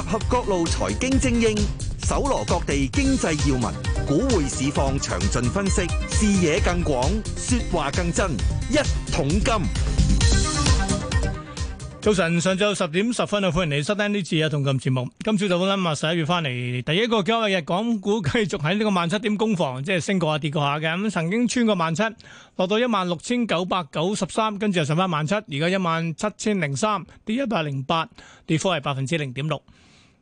集合各路財經精英，搜羅各地經濟要聞，股匯市況詳盡分析，視野更廣，說話更真。一桶金早晨，上晝十點十分啊，歡迎嚟收聽呢次啊同今節目。今朝早好啦，嘛十一月翻嚟第一個交易日，港股繼續喺呢個萬七點攻防，即係升過下跌過下嘅。咁曾經穿過萬七，落到一萬六千九百九十三，跟住又上翻萬七，而家一萬七千零三，跌一百零八，跌幅係百分之零點六。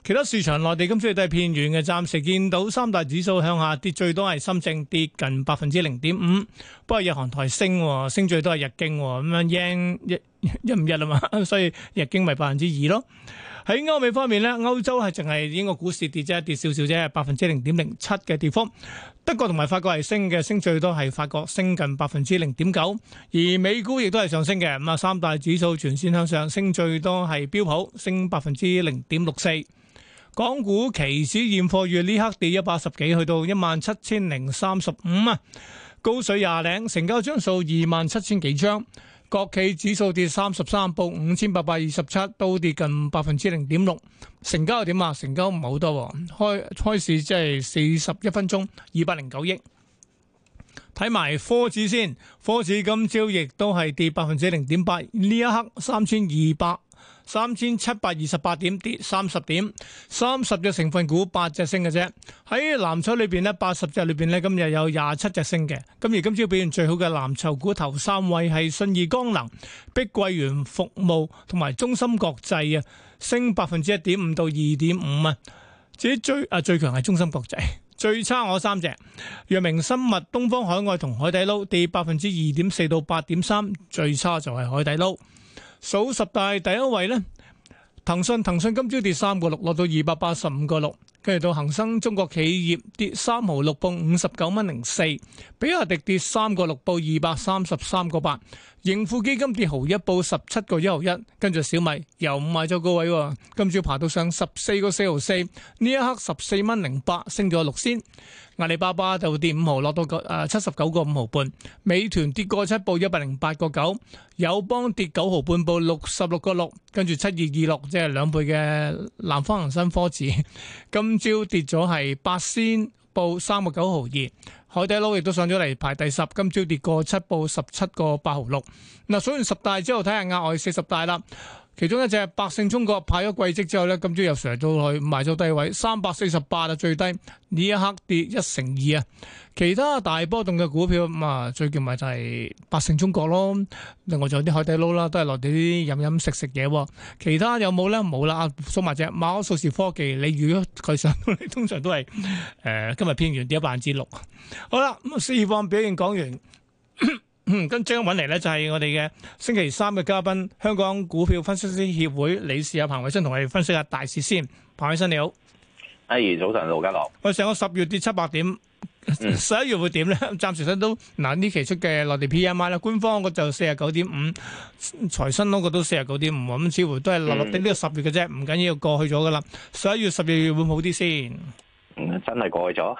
其他市場內地今朝都係偏軟嘅，暫時見到三大指數向下跌，最多係深證跌近百分之零點五。不過日韓台升，升最多係日經咁樣，yen 一一五一啊嘛，所以日經咪百分之二咯。喺歐美方面呢，歐洲係淨係英國股市跌啫，跌少少啫，百分之零點零七嘅跌幅。德國同埋法國係升嘅，升最多係法國升近百分之零點九。而美股亦都係上升嘅，咁啊，三大指數全線向上，升最多係標普升百分之零點六四。港股期指現貨月呢刻跌一百十幾，去到一萬七千零三十五啊，高水廿零，成交張數二萬七千幾張。國企指數跌三十三，報五千八百二十七，都跌近百分之零點六。成交又點啊？成交唔係好多，開開市即係四十一分鐘，二百零九億。睇埋科指先，科指今朝亦都係跌百分之零點八，呢一刻三千二百。三千七百二十八點跌三十點，三十隻成分股八隻升嘅啫。喺藍籌裏邊呢，八十隻裏邊呢，今日有廿七隻升嘅。今日今朝表現最好嘅藍籌股頭三位係信義光能、碧桂園服務同埋中芯國際啊，升百分之一點五到二點五啊。至於最啊最強係中芯國際，最差我三隻：藥明生物、東方海外同海底撈，跌百分之二點四到八點三，最差就係海底撈。數十大第一位呢，騰訊騰訊今朝跌三個六，落到二百八十五個六，跟住到恒生中國企業跌三毫六，報五十九蚊零四，比亞迪跌三個六，報二百三十三個八，盈富基金跌毫一，報十七個一毫一，跟住小米又唔賣咗個位，今朝爬到上十四個四毫四，呢一刻十四蚊零八，升咗六仙。阿里巴巴就跌五毫，落到誒七十九個五毫半；美團跌過七步，一百零八個九；友邦跌九毫半，報六十六個六；跟住七二二六，即係兩倍嘅南方恒生科指，今朝跌咗係八仙，報三個九毫二；海底撈亦都上咗嚟，排第十，今朝跌過七步，十七個八毫六。嗱，數完十大之後，睇下額外四十大啦。其中一隻百勝中國派咗季績之後咧，今朝又上到去賣咗低位，三百四十八啊最低呢一刻跌一成二啊！其他大波動嘅股票咁啊，最近咪就係百勝中國咯。另外仲有啲海底撈啦，都係內地啲飲飲食食嘢。其他有冇咧？冇啦。數埋隻馬可數字科技，你預咗佢上到，嚟，通常都係誒、呃、今日偏軟跌一百分之六。好啦，咁四方表現講完。咳咳跟即刻搵嚟咧，就係我哋嘅星期三嘅嘉賓，香港股票分析師協會理事阿彭偉新，同我哋分析下大市先。彭偉新你好，阿怡，早晨盧家樂。成個十月跌七百點，十一月會點咧？暫時睇都嗱，呢期出嘅內地 PMI 啦，官方個就四十九點五，財新嗰個都四十九點五，咁似乎都係落落啲。呢個十月嘅啫，唔緊要，過去咗噶啦。十一月，十二月會好啲先。真係過去咗，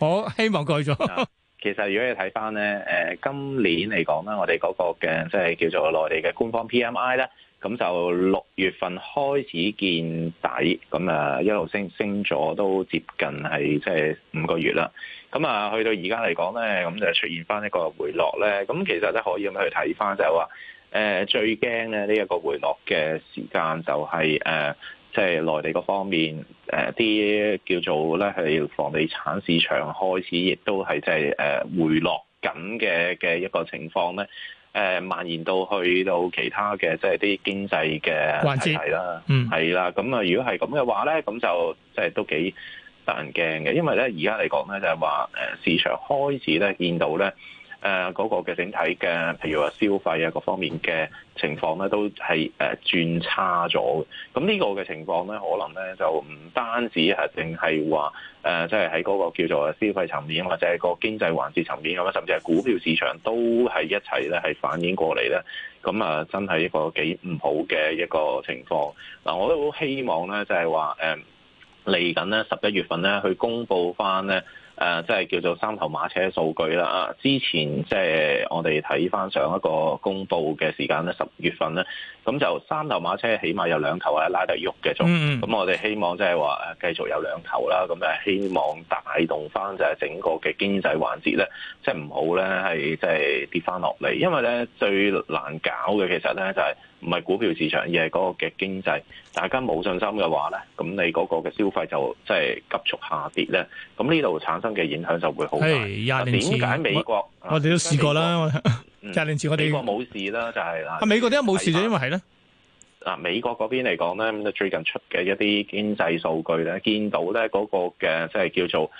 我希望過去咗。其實如果你睇翻咧，誒、呃、今年嚟講咧，我哋嗰、那個嘅即係叫做內地嘅官方 PMI 咧，咁就六月份開始見底，咁啊一路升升咗都接近係即係五個月啦。咁啊去到而家嚟講咧，咁就出現翻一個回落咧。咁其實咧，可以咁去睇翻就係、是、話，誒、呃、最驚咧，呢一個回落嘅時間就係、是、誒。呃即係內地嗰方面，誒、呃、啲叫做咧係房地產市場開始，亦都係即係誒回落緊嘅嘅一個情況咧，誒、呃、蔓延到去到其他嘅即係啲經濟嘅問題啦，之的嗯，係啦，咁啊如果係咁嘅話咧，咁就即係都幾得人驚嘅，因為咧而家嚟講咧就係話誒市場開始咧見到咧。誒嗰、呃那個嘅整體嘅，譬如話消費啊，各方面嘅情況咧，都係誒、呃、轉差咗。咁呢個嘅情況咧，可能咧就唔單止係淨係話誒，即係喺嗰個叫做消費層面，或者係個經濟環節層面咁啊，甚至係股票市場都係一齊咧係反映過嚟咧。咁啊，真係一個幾唔好嘅一個情況。嗱、呃，我都好希望咧，就係話誒嚟緊咧十一月份咧去公布返咧。誒，即係、啊就是、叫做三頭馬車數據啦。啊，之前即係我哋睇翻上一個公佈嘅時間咧，十月份咧，咁就三頭馬車起碼有兩頭咧拉得喐嘅仲。咁我哋希望即係話誒，繼續有兩頭啦。咁誒，希望帶動翻就係整個嘅經濟環節咧，即係唔好咧係即係跌翻落嚟。因為咧最難搞嘅其實咧就係、是。唔係股票市場，而係嗰個嘅經濟，大家冇信心嘅話咧，咁你嗰個嘅消費就即係、就是、急速下跌咧。咁呢度產生嘅影響就會好大。廿年前點解美國？我哋都試過啦。廿年前我哋美國冇 事啦，就係、是、啊美國點解冇事就因為係咧啊美國嗰邊嚟講咧，最近出嘅一啲經濟數據咧，見到咧嗰個嘅即係叫做。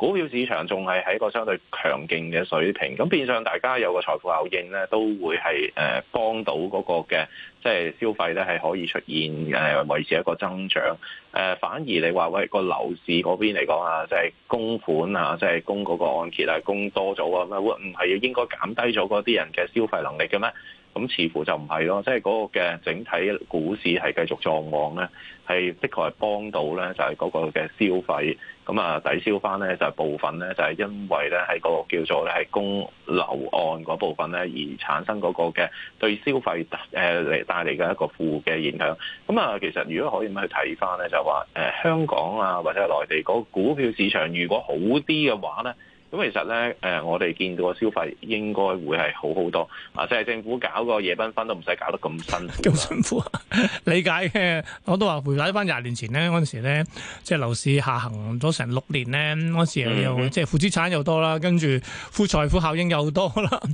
股票市場仲係喺一個相對強勁嘅水平，咁變相大家有個財富效應咧，都會係誒幫到嗰、嗰個嘅即係消費咧，係可以出現誒維持一個增長。誒、呃，反而你話喂、嗰個樓市嗰邊嚟講啊，即、就、係、是、供款啊，即、就、係、是、供個個按揭啊，供多咗啊，咁啊會唔係要應該減低咗嗰啲人嘅消費能力嘅咩？咁似乎就唔係咯，即係嗰個嘅整體股市係繼續壯旺咧，係的確係幫到咧，就係嗰個嘅消費，咁啊抵消翻咧就係部分咧就係因為咧喺個叫做咧係供樓案嗰部分咧而產生嗰個嘅對消費誒嚟帶嚟嘅一個負嘅影響。咁啊，其實如果可以去睇翻咧，就係話誒香港啊或者係內地個股票市場，如果好啲嘅話咧。咁其實咧，誒，我哋見到個消費應該會係好好多，啊，即係政府搞個夜繽紛都唔使搞得咁辛苦。咁辛苦啊？ 理解嘅，我都話回睇翻廿年前咧，嗰陣時咧，即係樓市下行咗成六年咧，嗰陣時又即係、嗯、哼負資產又多啦，跟住負財富效應又多啦。咁啊、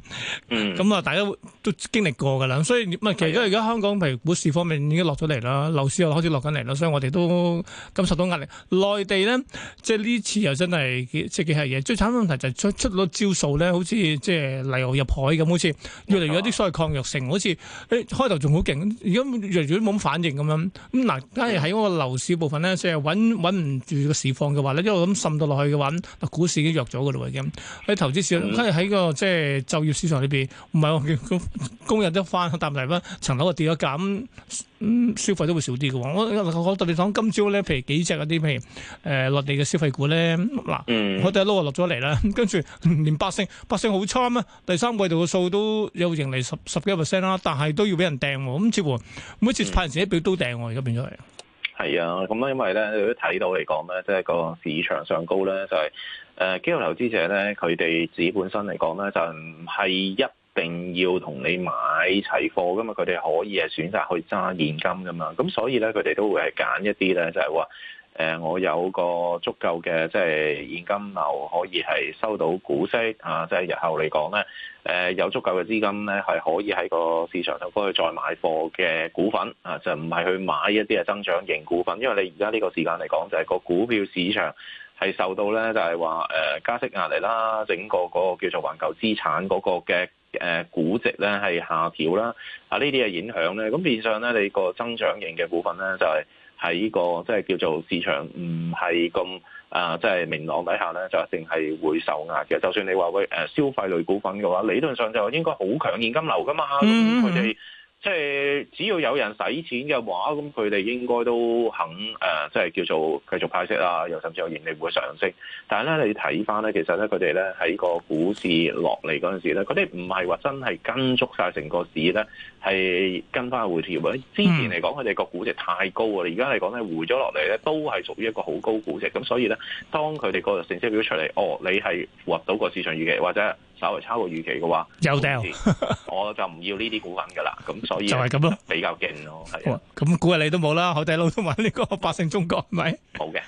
嗯， 大家都經歷過㗎啦，所以其實而家香港譬如股市方面已經落咗嚟啦，的樓市又開始落緊嚟啦，所以我哋都感受到壓力。內地咧，即係呢次又真係即係幾係嘢，最慘。問題就出出咗招數咧，好似即係例如入海咁，好似越嚟越有啲所謂抗藥性，好似誒開頭仲好勁，如、欸、果越嚟都冇反應咁樣。咁嗱，假如喺嗰個樓市部分咧，即係搵搵唔住個市況嘅話咧，即係我咁滲到落去嘅話，嗱股市已經弱咗噶啦喎已經。喺投資市，假如喺個即係、就是、就業市場裏邊，唔係我供供應得翻，但係咧層樓啊跌咗價，咁消費都會少啲嘅。我我特別講今朝咧，譬如幾隻嗰啲譬如誒落地嘅消費股咧，嗱，我第一碌啊落咗嚟啦。下 跟住連百勝，百勝好差咩？第三季度嘅數都有盈利十十幾 percent 啦，啊，但係都要俾人掟。咁、嗯、似乎每次派成績表都掟，而家變咗嚟。係啊，咁啊，因為咧都睇到嚟講咧，即、就、係、是、個市場上高咧，就係、是、誒，機、呃、構投資者咧，佢哋自己本身嚟講咧，就係、是、唔一定要同你買齊貨噶嘛，佢哋可以係選擇去揸現金噶嘛，咁所以咧，佢哋都會係揀一啲咧，就係、是、話。誒，我有個足夠嘅即係現金流，可以係收到股息啊！即係日後嚟講呢，誒有足夠嘅資金呢係可以喺個市場度可以再買貨嘅股份啊！就唔係去買一啲嘅增長型股份，因為你而家呢個時間嚟講，就係個股票市場係受到呢，就係話誒加息壓力啦，整個嗰個叫做環球資產嗰個嘅。誒估值咧係下調啦，啊呢啲嘅影響咧，咁變相咧你個增長型嘅股份咧就係喺個即係叫做市場唔係咁啊，即係明朗底下咧就一定係會受壓嘅。就算你話喂誒消費類股份嘅話，理論上就應該好強現金流噶嘛，咁佢哋。即係只要有人使錢嘅話，咁佢哋應該都肯誒、呃，即係叫做繼續派息啊，又甚至有盈利會上升。但係咧，你睇翻咧，其實咧佢哋咧喺個股市落嚟嗰陣時咧，嗰啲唔係話真係跟足晒成個市咧，係跟翻回調。之前嚟講，佢哋個估值太高啊，而家嚟講咧，回咗落嚟咧，都係屬於一個好高估值。咁所以咧，當佢哋個成績表出嚟，哦，你係符合到個市場預期或者。稍微超過預期嘅話，又掉，我就唔要呢啲股份噶啦。咁所以就係咁咯，比較勁咯，係咁估啊，你都冇啦，海底撈都買呢、這個百勝中國，係咪？冇嘅的。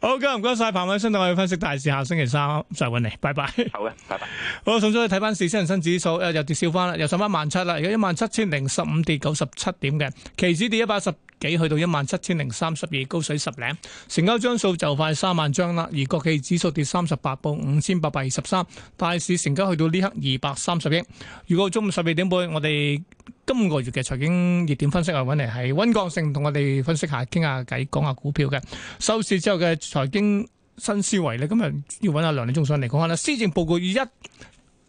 好，今日唔該晒彭偉新，同我哋分析大市，下星期三我再揾你，拜拜。好嘅，拜拜。好，總結睇翻四先人新指數，誒，又跌少翻啦，又上翻萬七啦，而家一萬七千零十五跌九十七點嘅，期指跌一百十。幾去到一萬七千零三十二高水十零，成交張數就快三萬張啦。而國企指數跌三十八，報五千八百二十三。大市成交去到呢刻二百三十億。如果中午十二點半，我哋今個月嘅財經熱點分析啊，揾嚟係温國勝同我哋分析下，傾下偈講下股票嘅。收市之後嘅財經新思維咧，今日要揾阿梁利忠上嚟講下啦。施政報告一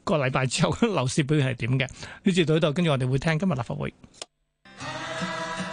個禮拜之後， 樓市表現係點嘅？呢節到呢度，跟住我哋會聽今日立法會。